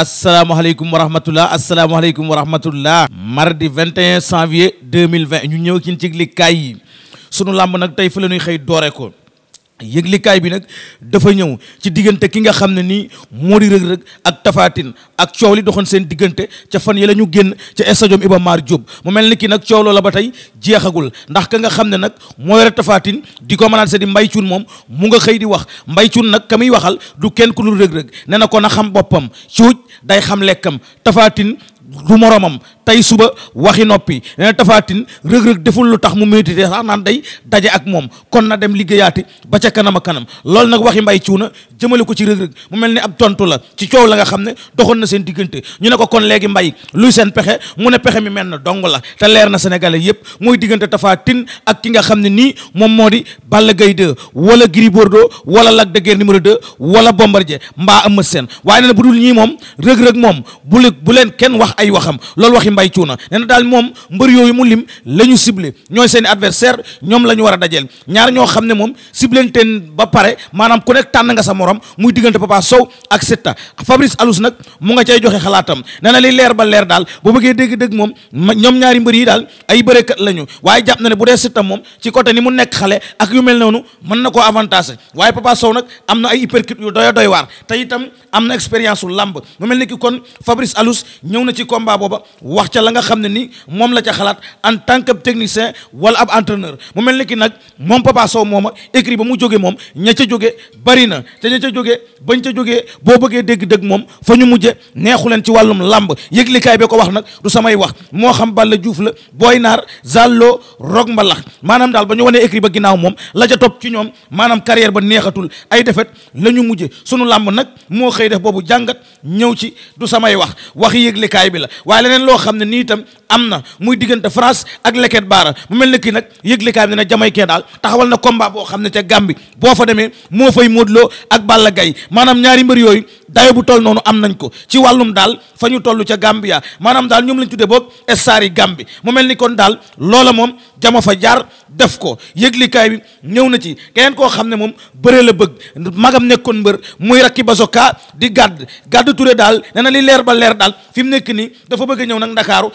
asalaamaaleykum wa rahmatulah asalaamaaleykum wa rahmatulah. mardi 21 janvier 2020 ñu ñëw ci yëglikaay yi sunu làmb nag tey fa la xëy doore ko yëglikaay bi nag dafa ñëw ci diggante ki nga xam ne nii moo di rëg-rëg ak tafaatin ak coow li doxoon seen diggante ca fan yi la ñu génn ca stadium Iba maar Diop mu mel ni kii nag coow loola ba tey jeexagul ndax ka nga xam ne nag moo yore tafaatin di ko mënaat se di mbay cuun moom mu nga xëy di wax mbay cuun nag ka muy waxal du kenn ku dul rëg-rëg ne na ko na xam boppam day xam lekkam tafaatin du moromam tey suba waxi noppi nee na tafaatin rëg-rëg deful lu tax mu médité sax naan day daje ak moom kon na dem liggéeyaati ba ca kanam kanam loolu nag waxi mbay cuuna jëmale ko ci rëg-rëg mu mel ni ab tontu la ci coow la nga xam ne doxoon na seen diggante ñu ne ko kon léegi mbay luy seen pexe mu ne pexe mi mel na dong la te leer na sénégalais yépp mooy diggante tafaatin ak ki nga xam ne nii moom moo di Balla Gaye 2 wala Gris Bordeaux wala Lac de Guiers numéro 2 wala Bombardier mbaa Eumeu Sène waaye nee na bu dul moom rëg-rëg moom bu wax ay ay waxam loolu waxi mbay cuuna nee na daal moom mbër yooyu mu lim la ñu ciblé ñooy seen adversaire ñoom la ñu a dajeel ñaar ñoo xam ne moom ciblenteen ba pare maanaam ku nekk tànn nga sa moroom muy diggante Papa Sow ak Siteu Fabrice Alous nag mu nga cay joxe xalaatam nee na li leer ba leer daal boo bëggee dégg-dégg moom ñoom ñaari mbër yi daal ay bërekat la waaye jàpp na ne bu dee Siteu moom ci côté ni mu nekk xale ak yu mel noonu mën na ko avantage waaye Papa Sow nag am na ay hypercute yu doy doy waar te itam am na expérience wu làmb combat booba wax ca la nga xam ne ni moom la ca xalaat en tant que technicien wala ab entraîneur mu mel ni ki nag moom Papa Sow mooma écrit ba mu jóge moom ña ca jóge bari na te ña ca jóge bañ ca jógee boo bëggee dégg moom fa ñu mujje neexu leen ci wàllum làmb yëglikaay bee ko wax nag du samay wax moo xam Balla Diouf la Boy Naar Zallo Rock Mbalax maanaam daal ba ñu wanee écrit ba ginnaaw moom la ca topp ci ñoom maanaam carrière ba neexatul ay defet la ñu mujje sunu làmb nag moo xëy def boobu jàngat ñëw ci du samay wax la waaye leneen loo xam ne nii itam am na muy diggante France ak Leket Baara mu mel ne kii nag yëglekaay bi ne Jamaïcain daal taxawal na combat boo xam ne ca Gambie boo fa demee moo fay Modou Lo ak Balla gay maanaam ñaari mbër yooyu dayo bu toll noonu am nañ ko ci wàllum daal fa ñu toll ca Gambia maanaam daal ñoom lañ tuddee boog Estari Gambie mu mel ni kon daal loola moom jama fa jaar def ko yëglikaay bi ñëw na ci keneen koo xam ne moom bëree la bëgg magam nekkoon mbër muy rakki basoka di gàdd gàdd ture daal nee na leer ba leer daal fi mu nekk nii dafa bëgg ñëw nag ndakaaru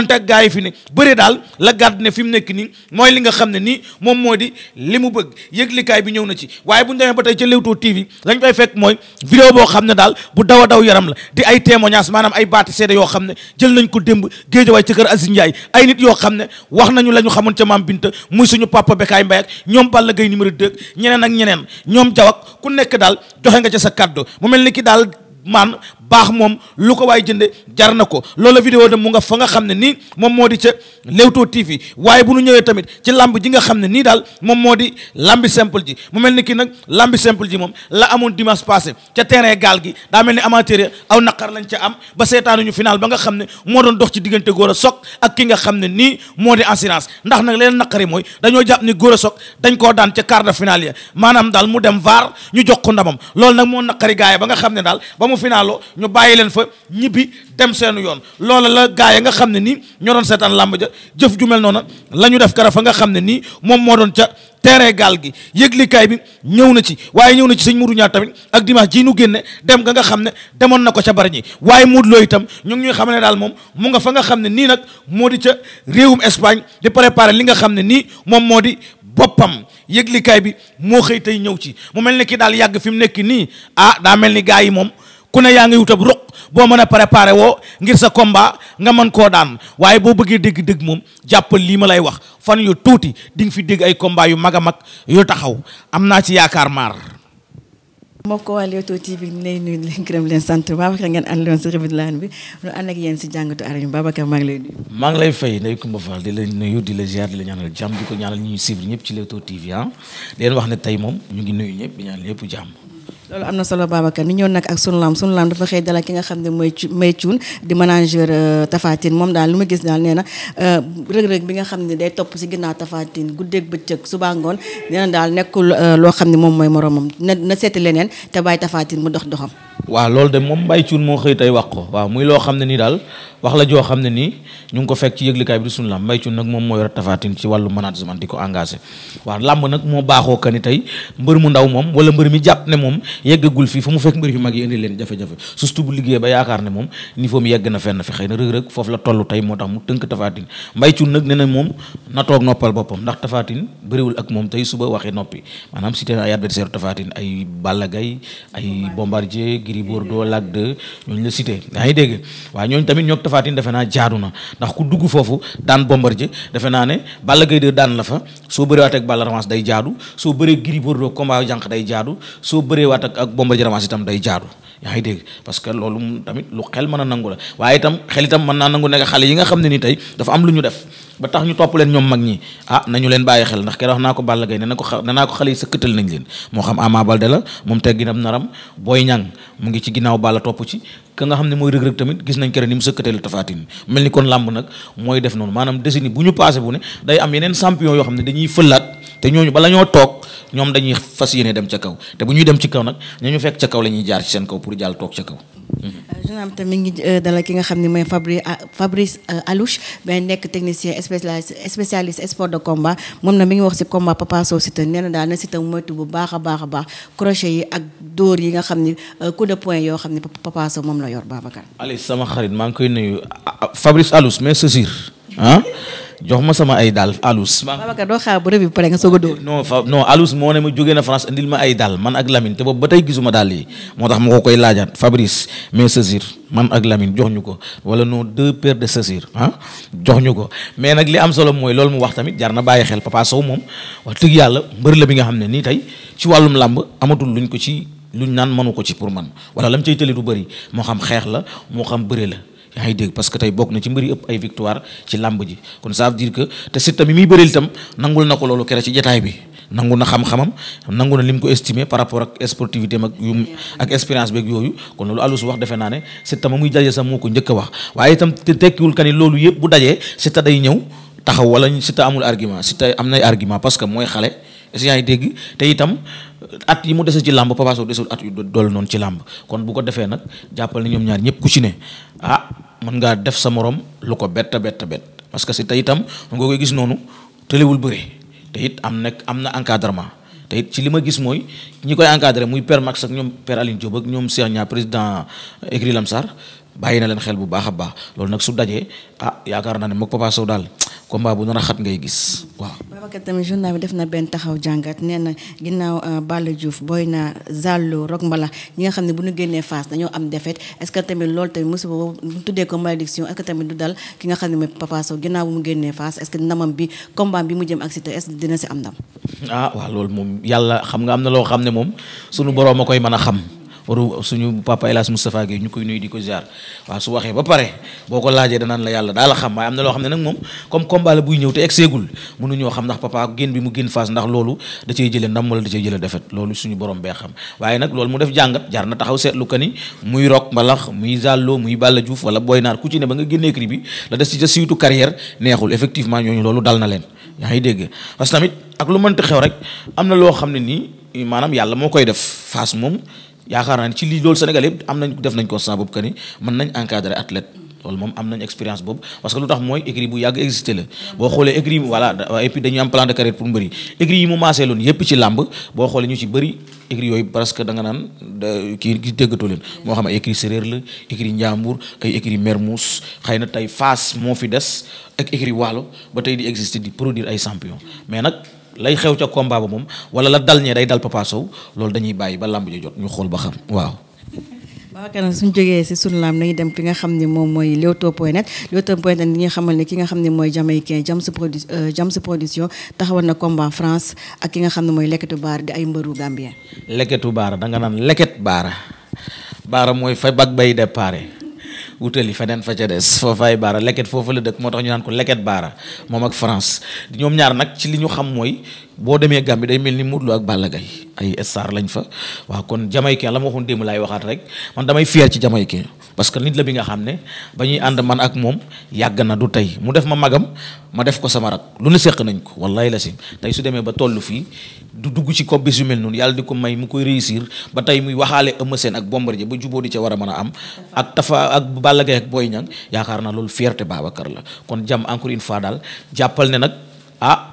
xamante ak gars yi fi ne bëre daal la gàdd ne fi nekk nii mooy li nga xam ne nii moom moo di li mu bëgg yëglikaay bi ñëw na ci waaye bu ñu demee ba tey ca Leewtoo TV lañ fay fekk mooy vidéo boo xam ne daal bu daw a daw yaram la di ay témoignage maanaam ay baati seede yoo xam ne jël nañ ko démb géejawaay ca kër Aziz Ndiaye ay nit yoo xam ne wax nañu la ñu xamoon ca maam Binta muy suñu papa Bekaay Mbaye ak ñoom Balla Gaye numéro 2 ñeneen ak ñeneen ñoom jawak ku nekk daal joxe nga ca sa kàddu mu mel ni ki daal maan baax moom lu ko waay jënde jar na ko loola vidéo tam mu nga fa nga xam ne nii moom moo di ca Leewtoo TV waaye bu nu ñëwee tamit ci lamb ji nga xam ne nii daal moom moo di lambi simple ji mu mel ni kii nag lambi simple ji moom la amoon dimanche passé ca terrain gaal gi daa mel ni amateur aw naqar lañ ca am ba seetaanuñu final ba nga xam ne moo doon dox ci diggante góor a sok ak ki nga xam ne nii moo di assurance ndax nag leen naqari mooy dañoo jàpp ni góor a sok dañ koo daan ca quart de finale ya maanaam daal mu dem vaar ñu jox ko ndamam loolu nag moo naqari gaay ba nga xam ne daal ba mu finaaloo ñu bàyyi leen fa ñibbi dem seenu yoon loola la gaa yi nga xam ne nii ñoo doon seetaan làmb ja jëf ju mel noona la ñu def kara fa nga xam ne nii moom moo doon ca terrain gaal gi yëglikaay bi ñëw na ci waaye ñëw na ci sëñ Modou Niang tamit ak dimanche ji nu génne dem nga nga xam ne demoon na ko ca bari ñi waaye Modou Lo itam ñu ngi ñuy xam daal moom mu nga fa nga xam ne nii nag moo di ca réewum Espagne di préparer li nga xam ne nii moom moo di boppam yëglikaay bi moo xëy tey ñëw ci mu mel ne kii daal yàgg fi mu nekk nii ah daa mel ni gaa yi moom ku ne yaa ngi wut ab ruq boo mën a préparer woo ngir sa combat nga man koo daan waaye boo bëggee dégg dégg moom jàppal lii ma lay wax fan yu tuuti di nga fi dégg ay combat yu mag a mag yu taxaw am naa ci yaakaar maar. mbokk waa Leewtoo TV ñu lay nuyu leen gërëm leen sant si revue de l'arène bi ñu ànd ak yéen si jàngatu arène bi Babacar lay nuyu. maa lay fay Ndeye Coumba Fall di la nuyu di la ziar di la ñaanal jàmm di ko ñaanal ñuy suivre ñëpp ci Leewtoo TV ah di leen wax ne tey moom ñu ngi nuyu ñëpp di ñaanal ñëpp jàmm. loolu am na solo Babacar ni ñëw nag ak sunu laam sunu laam dafa xëy dala ki nga xam ne mooy may cuun di manager euh, Tafatine moom daal lu ma gis daal nee na euh, rëg-rëg bi nga xam ne day topp si ginnaaw tafaatin guddeeg bëccëg suba ngoon nee na daal nekkul euh, loo xam ne moom mooy moromam na na seeti leneen te bàyyi Tafatine mu dox doxam waaw loolu de moom Mbaye Thioune moo xëy tey wax ko waaw muy loo xam ne nii daal wax la joo xam ne nii ñu ngi ko fekk ci yëglikaay bi di sunu làmb mbay Thioune nag moom moo yor Tapha Tine ci wàllu management ko engagé waaw làmb nag baaxoo que ni tey mbër mu ndaw moom wala mbër mi jàpp ne moom yeggagul fii fu mu fekk mbër yu mag yi indi leen jafe-jafe bu liggéey ba yaakaar ne moom niveau mi yegg na fenn fi xëy na Reug Reug foofu la toll tey moo tax mu tënk Tapha Tine Mbaye Thioune na moom na toog noppal boppam ndax Tapha Tine bëriwul ak moom tey suba waxee noppi maanaam cité ay adversaire Tapha Tine ay Balla Gaye ay Bombardier Gris Bordeaux Lac 2 ñooñu la cité yaa ngi dégg waaye ñooñu tamit ñoo Tapha Tine defe naa jaadu na ndax ku dugg foofu daan Bombardier defe naa ne Balla Gaye 2 daan la fa soo bëree waat ak Balla revanche day jaadu soo bëree Gris Bordeaux combat jànq day jaadu soo bëree waat ak ak Bombardier revanche itam day jaadu yaa ngi dégg parce loolu tamit lu xel mën a nangu la waaye itam xel itam mën naa nangu nekk xale yi nga xam ne ni tey dafa am lu ñu def ba tax ñu topp leen ñoom mag ñi ah nañu leen bàyyi xel naa na ko ne naa ko xale naram Boy Niang mu ngi ci ginnaaw Balla topp ci ka nga xam ne mooy rëg-rëg tamit gis nañ keroog ni mu sëkkatale Tapha mel ni kon làmb nag mooy def noonu maanaam desini bu ñu passé bu ne day am yeneen champion yoo xam ne dañuy fëllaat te ñooñu bala ñoo toog ñoom dañuy fas yéene dem ca kaw te bu ñuy dem ci kaw nag ñu fekk ca kaw la ñuy jaar ci seen kaw pour jàll toog ca kaw. Euh, mi ngi euh, dalal ki nga xam ne mooy Fabri euh, Fabrice Alouche ben nekk technicien spécialiste sport de combat moom na mi ngi wax si combat Papa Sow Siteu nee na daal na Siteu moytu bu baax a baax a crochet yi ak dóor yi nga xam ni coup de yoo xam ni Papa Sow moom la yor Babacar. Aliou sama xarit maa ngi koy nuyu ah, ah, Fabrice Alouche mais c'est sûr jox ma sama ay daal alus. Babacar doo a dóor. non fa non alus moo ne ma jógee na France indil ma ay daal man ak Lamine te boobu ba tey gisuma daal yi moo tax ma ko koy laajaat Fabrice mais Césir man ak Lamine jox ñu ko wala non deux paires de Césir ah jox ñu ko mais nag li am solo mooy loolu mu wax tamit jar na bàyyi xel Papa Sow moom wax dëgg yàlla mbër la bi nga xam ne nii tey ci wàllum làmb amatul luñ ko ci luñ naan mënu ko ci pour man wala lam cay tële du bëri moo xam xeex la moo xam bëre la. yaa ngi dégg parce que tey bokk na ci mbëri ëpp ay victoire ci làmb ji kon ça veut que te Siteu mi muy bëril tam nangul na ko loolu kere ci jataay bi nangu na xam-xamam nangu na lim ko estimé par rapport ak sportivité am ak yu yooyu kon loolu Alou Sou wax defe naa ne Siteu ma muy daje sax moo ko njëkk a wax waaye itam te tekkiwul ka ni loolu yëpp bu dajee Siteu day ñëw taxaw wala Siteu amul argument Siteu am nay argument parce que mooy xale si yaa ngi dégg te itam at yi mu dese ci làmb Papa Sow desul at yu dool noonu ci làmb kon bu ko defee nag jàppal ni ñoom ñaar ñëpp ku ci ne ah mën ngaa def sa moroom lu ko bett bett bett parce que si te itam nga koy gis noonu tëlewul bëre te it am na am na encadrement te it ci li ma gis mooy ñi koy encadré muy père Max ak ñoom père Aline Diop ak ñoom seex Niang président écurie Lamsar bàyyi na leen xel bu baax a baax loolu nag su dajee ah yaakaar naa ne moog Papa daal combat ngay gis Babacar tamit journal bi def na benn taxaw jàngat nee na ginnaaw euh, Balla Diouf Boy Niang Zallo Rock Mbala ñi nga xam ne bu nu génnee face dañoo am défaite est-ce que tamit loolu tamit musiba boobu bu tuddee ko malédiction est-ce que tamit du dal ki nga xam ne mooy Papa Sow ginnaaw bu mu génnee face est-ce que ndamam bi combat bi mu jëm ak Siteu est dina si am ndam. ah waaw loolu moom yàlla xam nga am na loo xam ne moom sunu borom a koy man a xam. waru suñu papa El koy nuyu di ko ziar su waxee ba pare boo ko laajee danaan la yàlla daal xam waaye am na loo xam ne nag moom comme combat la buy ñëw te egseegul mënuñoo xam ndax papa génn bi mu génn phase ndax loolu da cey jële ndam wala da cey borom bee xam waaye nag loolu mu def jàngat jar na taxaw seetlu ka ni muy Rock Mbalax muy muy Balla Diouf wala Boy Naar ku ci ne ba nga génnee cri bi la des ci sa surtout carrière neexul effectivement ñooñu loolu dal na leen yaa ngi dégg parce que tamit ak lu mënti xew rek am na loo xam ne nii maanaam yàlla moo koy def phase moom yaakaar naa ne ci lii loolu Sénégal yëpp am nañ def nañ constat boobu que ni mën nañ encadrer athlète loolu moom am nañ expérience boobu parce que lu tax mooy écrit bu yàgg existé la boo xoolee écrit voilà et puis dañuy am plan de carrière pour mbëri écrit yi mu maasee loon yëpp ci làmb boo xoolee ñu ci bëri écrit yooyu parce que da nga naan kii kii déggatoo leen moo xam ay écrit séréer la écrit njàmbur ay écrit mermous xëy na tey Fass moo fi des ak écrit waalo ba tey di exister di produire ay champion mais nag lay xew ca combat ba moom wala la dal ñee day dal Papa loolu dañuy bàyyi ba làmb ji jot ñu xool ba xam waaw. waaw kanam suñ jógee si sunu laam nañu dem fi nga xam ne moom mooy Leewtoo point net Leewtoo point net ñi nga xamal ne ki nga xam ne mooy jamaïcain Jams produ euh, Jams production taxawal na combat France ak ki nga xam ne mooy Leketu baar di ay mbëru Gambien. Leketu Baara da nga naan Leket Baara Baara mooy fa bag bay déparé. wutali feneen fa ca des foofaay baara leket foofu la dëkk moo tax ñu naan ko leket bara moom ak France ñoom ñaar nag ci li ñu xam mooy boo demee bi day mel ni Modou Lo ak Balla Gaye ay star lañ fa waaw kon jamaïcain la ma waxoon laay waxaat rek man damay fier ci jamaïcain parce que nit la bi nga xam ne ba ñuy ànd man ak moom yàgg na du tey mu def ma magam ma def ko sama lu ne seq nañ ko wallahi la si tey su demee ba toll fii du dugg ci kob bis yu noonu yàlla di ko may mu koy réussir ba tey muy waxaale Eumeu Sène ak Bombardier ba jubóo di ca war a mën a am ak Tafa ak Balla Gaye ak Boy Niang yaakaar naa loolu fierté Babacar la kon jàmm encore une fois daal jàppal ne nag ah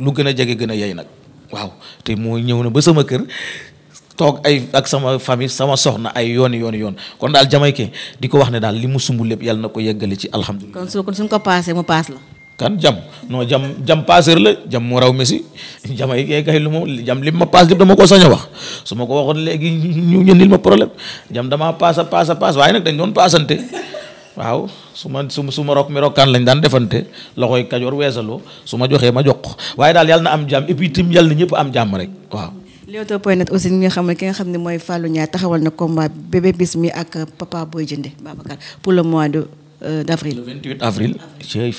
lu gën a jege gën a yey nag waaw te moo ñëw na ba sama kër toog ay ak sama famille sama soxna ay yoon yoon yoon kon daal Jamaïcain di ko wax ne daal li mu sumb lépp yal na ko yeggale ci alhamdulilah. kon su kon suñ ko paasee mu paas la. kan jam non jam jam la jam mu raw Messi Jamaïcain kay lu ma jam li ma paas lépp dama ko sañ a wax su ma ko waxoon léegi ñu ñëndil ma problème jam damaa paas a a paas waaye nag dañ doon paasante. waaw su ma su ma rok mi rokkaan lañ daan defante loxoy kajoor weesaloo su ma joxee ma jox waaye daal yàlla na am jàmm et puis tim yàlla na ñëpp am jàmm rek waaw. Leewtoo point net aussi nga xam ne ki nga xam ne mooy Fallou Niang taxawal na combat bébé bis mi ak papa booy jënde Babacar pour le mois de Euh, d' avril. le 28 avril. Cheikh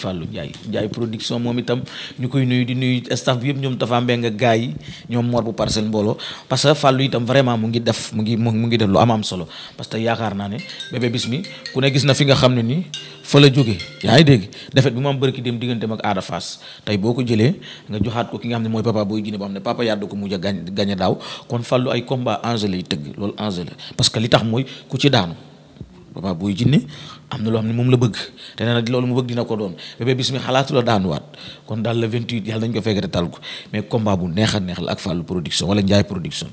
koy nuyu di nuyu staff bi yëpp ñoom dafa mbeng ak gars yi ñoom Mor bu parcelle mbooloo parce que Fallou itam vraiment mu def mu ngi mu am am solo parce que yaakaar naa ne bébé bis mi ku ne gis na fi nga xam ne nii fa la jógee yaa ngi dégg defet bi mu am dem digganteem ak Ada Fass tey boo ko jëlee nga joxaat ko ki nga xam ne mooy papa booy jinne boo xam ne papa yàddu ko mujj a gañ gañe daaw kon Fallou ay combat enjeu lay tëgg loolu enjeu la parce que li tax mooy ku ci daanu papa booy jinne am na loo xam ne moom la bëgg te nee na loolu mu bëgg dina ko doon bébé bis mi xalaatu la daanuwaat kon daal le 28 yàlla nañ ko fekk te tal ko mais combat bu neex a neex la ak Fallou production wala Ndiaye production.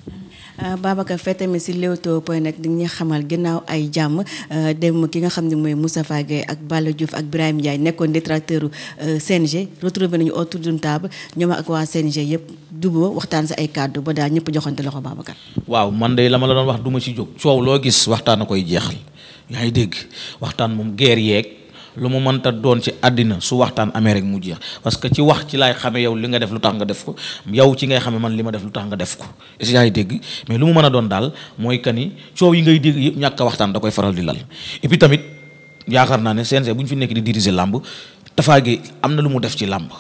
Euh, Babacar Fetemi si Leewtoo point nag dañuy xamal ginnaaw ay jàmm euh, dem ki nga xam ne mooy Moustapha Gueye ak Balla Diouf ak Birahim Ndiaye nekkoon détracteur euh, CNG retrouvé nañu autour d'une table ñoom ak waa CNG yëpp duboo waxtaan si ay kaadu ba daal ñëpp joxante loxo Babacar. waaw man de la ma la doon wax du ma ci jóg coow loo gis waxtaan a koy jeexal. yaa ngi dégg waxtaan moom guerre yeeg lu mu mënta doon ci àddina su waxtaan amee rek mu jeex parce que ci wax ci laay xame yow li nga def lu tax nga def ko yow ci ngay xame man li ma def lu tax nga def ko est-ce yaa ngi dégg mais lu mu mën a doon daal mooy que ni coow yi ngay dégg yëpp ñàkk waxtaan da koy faral di lal et tamit yaakaar naa ne CNG bu ñu fi nekk di diriger làmb Tapha Gueye am na lu mu def ci làmb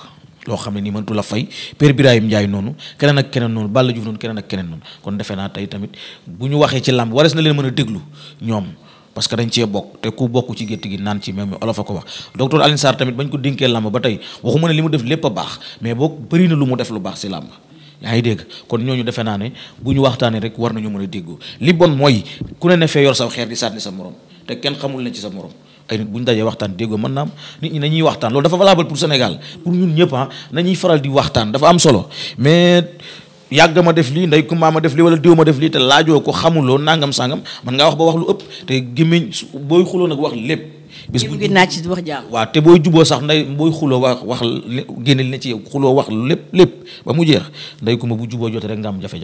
loo xam ne nii mëntu la fay per Birahim Ndiaye noonu keneen ak keneen noonu Balla Diouf noonu keneen ak keneen noonu kon defe naa tey tamit bu ñu waxee ci làmb warees na leen mën a déglu ñoom parce que dañ cee bokk te ku bokk ci gétt gi naan ci même olof a ko wax docteur Alioune Sarr tamit bañ ko dénkee làmb ba tey waxuma ne li mu def lépp a baax mais boo bëri na lu mu def lu baax si làmb yaa ngi dégg kon ñooñu defe naa ne bu ñu waxtaanee rek war nañu mën a déggoo li bon mooy ku ne ne fee yor sa xeer di sànni sa morom te kenn xamul ne ci sa morom ay nit bu ñu dajee mën naa am ñi nañuy waxtaan loolu dafa valable pour Sénégal pour ñun ñëpp ah nañuy faral di waxtaan dafa am solo mais yàgg ma def lii nday kumba ma def lii wala diw ma def lii te laajoo ko xamuloo nangam sangam man ngaa wax ba wax lu ëpp te gémmiñ booy xuloo nag wax lépp bis bu naaj ci wax jaam waaw te juboo sax nday booy xuloo wax wax génne li ne ci yow xuloo wax lépp lépp ba mu jeex nday kumba bu juboo jotee rek nga am jafe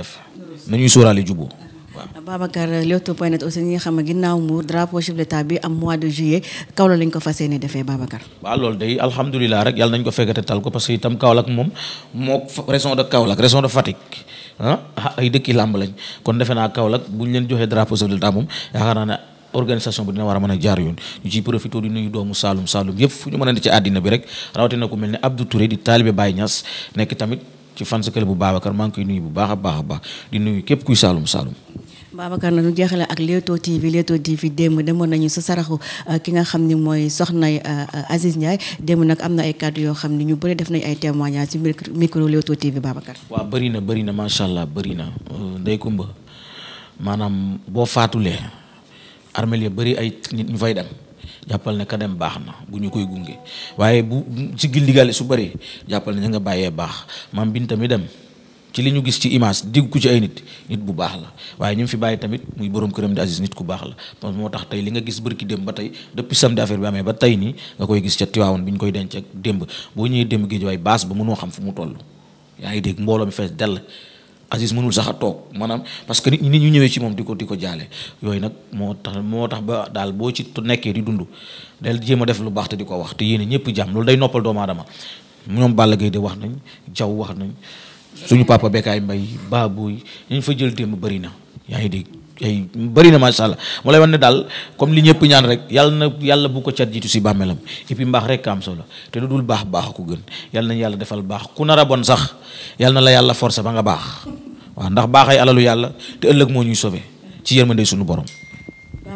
na ñuy sóoraale juboo waaw Babacar Leewtoo point aussi ñi nga xam a ginnaaw Mbour drapeau chef d'état bi am mois de juillet Kaolack lañ ko fas yéene defee Babacar. waaw loolu day alhamdulilah rek yàlla nañ ko fekkate tal ko parce que itam Kaolack moom moo région de Kaolack région de Fatick ah, ah ay dëkki làmb lañ kon defe naa Kaolack bu ñu leen joxee drapeau chef d'état moom yaakaar naa ne. organisation bi dina war a mën a jaar yoon ñu ciy profité di nuyu doomu Saalum Saalum yëpp fu ñu mën a ne ci àddina bi rek rawatina ku mel ne Abdou Touré di taalibe Baye Niass nekk tamit ci fans club bu Babacar maa ngi koy nuyu bu baax a baax a baax di nuyu képp kuy Saalum Saalum. Babacar na ñu jeexale ak Leewtoo TV Leewtoo TV démb demoon nañu sa saraxu euh, ki nga xam ni mooy soxnay euh, euh, Aziz Ndiaye démb nag am na ay kàddu yoo xam ne ñu bëri def nañ ay témoignages ci micro Leewtoo TV Babacar. waaw bëri na bëri na macha allah bëri na Ndeye Kumba maanaam boo faatulee armel ya bari ay nit ñu fay dem jàppal ne ka dem baax na bu ñu koy gunge waaye bu ci gildigaale su bëri jàppal ne nga bàyyee baax maam bin tamit dem. ci li ñu gis ci image digg ku ci ay nit nit bu baax la waaye ñu mu fi bàyyi tamit muy borom këram di Aziz nit ku baax la parce que moo tax li nga gis bërki démb ba tey depuis samedi affaire bi amee ba gis ca Tiwaawoon koy denc ak boo ñëwee démb géej waaye baas ba mënoo xam fu mu toll yaa ngi dégg mbooloo mi fees dell Aziz mënul sax a toog maanaam parce que nit ñu ñëwee ci moom di ko di ko jaale yooyu nag moo tax moo tax ba daal boo ci nekkee di dund del jëm a def lu baax te di ko wax te yéene ñëpp jàmm loolu day noppal doomu aadama ñoom Balla Gaye de wax nañ jaw wax nañ suñu papa Bekkaay baa Baboy ñu fa jël démb bëri na yaa ngi dégg ay bëri na macha allah mu lay wan ne daal comme li ñëpp ñaan rek yàlla na yàlla bu ko cat jiitu si bàmmeelam et puis mbaax rek am solo te lu dul baax baax ko gën yàlla nañ yàlla defal baax ku nara a bon sax yàlla na la yàlla forcé ba nga baax waaw ndax baaxay alalu yàlla te ëllëg moo ñuy sauvé ci yërmande suñu borom.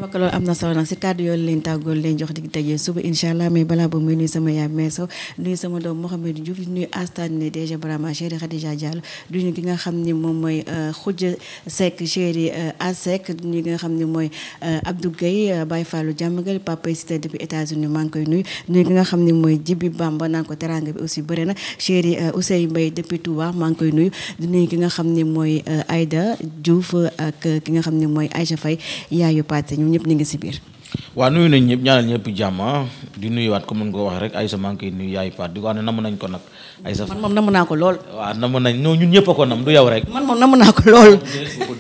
Babacar am na solo nag si kàddu yooyu leen tàggoo leen jox dig daje suba incha allah mais balaa boobu muy nuyu nga xam ni moom mooy euh, Khoudia Seck chéri euh, Asek du ñu ki nga xam ni mooy euh, Abdou Gueye Baye Fallou Diamagal papa cité depuis États-Unis maa ngi koy nuyu nuyu ki nga xam ni mooy Jibi Bamba naan ko teranga bi aussi bëri na chéri mbay Mbaye depuis Touba maa ngi koy nuyu du nuyu ki nga xam ni mooy Aïda Diouf ak ki nga xam ni mooy Aïcha Faye yaayu Paté ñoom ñëpp ñu ngi si biir. waaw nuyu nañ ñëpp ñaanal ñëpp jàmm ah. di ko waxee rek Aïssa maa ngi koy nuyu yaay Paat di ko wax ne namm nañ ko nag. Aïssa man moom namm naa ko lool. waaw namm nañ non ñun ñëpp a ko nam du yow rek. man moom namm naa ko lool.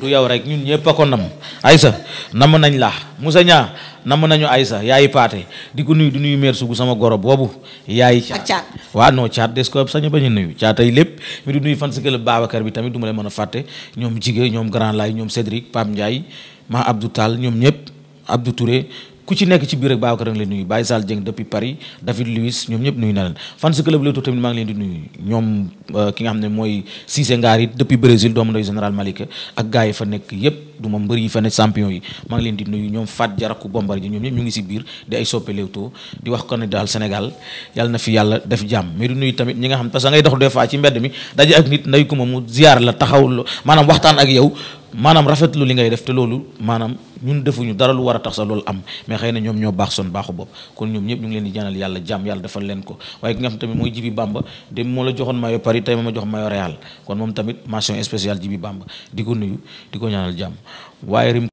du yow rek ñun ñëpp a ko nam Aïssa namm nañ la Moussa yaay Paate di ko nuyu di nuyu meer sugu sama goro boobu. yaay caat ak caat waaw non caat des ko sañ bañ a nuyu caatay lépp mi di nuyu fan si club Babacar bi tamit du ma leen mën a fàtte ñoom Jigé ñoom Grand Lay ñoom Cédric Pape Ndiaye ma Abdou Tall ñoom ñëpp Abdou Touré ku ci nekk ci biir ak Babacar a ngi leen nuyu Baye Sall Dieng depuis Paris David Luiz ñoom ñëpp nuyu na leen fan si club Leewtoo tamit maa ngi leen di nuyu ñoom euh, ki nga xam ne mooy Cissé Ngaar yi depuis Brésil doomu fa nekk yëpp du ma mbër yi fa nekk yi maa ngi leen di nuyu ñoom Fat Jaraku Bombardier ñoom ñëpp ñu ngi si biir di ay soppe Leewtoo di wax ko ne daal Sénégal yàlla na fi yàlla def jàmm mais di nuyu tamit ñi nga xam parce que ngay dox des fois ci mbedd mi daje ak nit nday ku ma mu ziar la taxaw maanaam waxtaan ak yow maanaam rafetlu li ngay def te loolu maanaam ñun defuñu dara lu war a tax sa loolu am mais xëy na ñoom ñoo baax son baaxu bopp kon ñoom ñëpp ñu ngi leen di ñaanal yàlla jàmm yàlla defal leen ko waaye ki nga xam tamit mooy Jibi Bamba dem moo la joxoon maillot Paris tey ma jox maillot Real kon moom tamit mention spéciale Jibi bàmba di ko nuyu di ko ñaanal jàmm waaye rim